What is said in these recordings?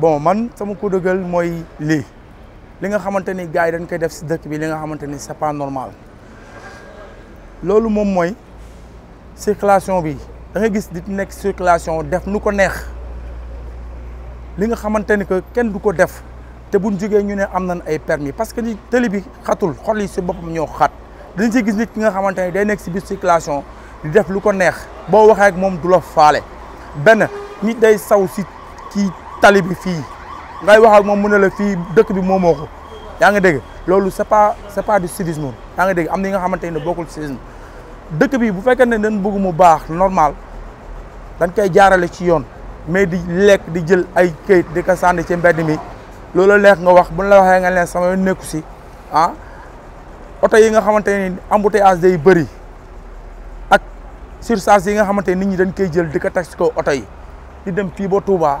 bon man sama coup de mooy lii li nga xamante ni gars yi dañ koy def si dëkk bi li nga xamante ni c'est pas normal loolu moom mooy circulation bi da nga gis nit nekk circulation def nu ko neex li nga xamante ni que kenn du ko def te buñ jógee ñu ne am nañ ay permis parce que ni tëli bi xatul xol yi si boppam ñoo xat dañ si gis nit ki nga xamante ni day nekk si biir circulation di def lu ko neex boo waxee ak moom du la faale benn nit day saw si kii tali fii ngay wax ak moom mu na la fii dëkk bi moomoo ko yaa ngi dégg loolu c'est pas c'est pas du civisme yaa ngi dégg am na nga xamante ne bokkul civisme dëkk bi bu fekkee ne dañ bëgg mu baax normal dañ koy jaarale ci yoon mais di lekk di jël ay kayit di ko sànni ci mbedd mi loolu leex nga wax buñ la waxee nga leen sama yoon nekku si ah oto yi nga xamante ni embouteillage day bëri ak surcharge yi nga xamante nit ñi dañ koy jël di ko teg si kaw oto di dem fii ba Touba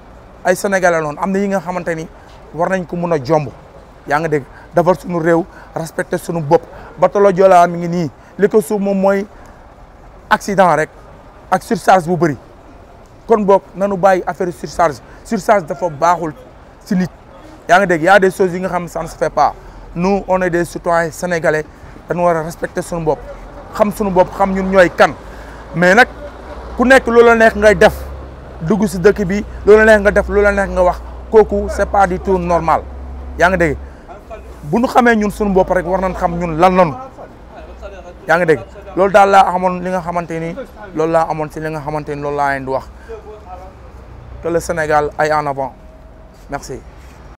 ay sénégalais noonu am na yi nga xamante ni war nañ ko mun a jomb yaa nga dégg defar suñu réew respecter suñu bopp batalo Joola mi ngi nii li ko suuf moom mooy accident rek ak surcharge bu bëri kon boog nanu bàyyi affaire surcharge surcharge dafa baaxul si nit yaa nga dégg y a des choses yi nga xam ça ne se fait pas nous on est des citoyens sénégalais dañu war a respecter suñu bopp xam suñu bopp xam ñun ñooy kan mais nag ku nekk loolu neex ngay def dugg si dëkk bi lu la neex nga def lu la neex nga wax kooku c'est pas du tout normal yaa ngi dégg bu ñu xamee ñun suñu bopp rek war nañ xam ñun lan noonu yaa ngi dégg loolu daal laa amoon li nga xamante ni loolu laa amoon si li nga xamante ni loolu laa leen di wax que le Sénégal aille en avant merci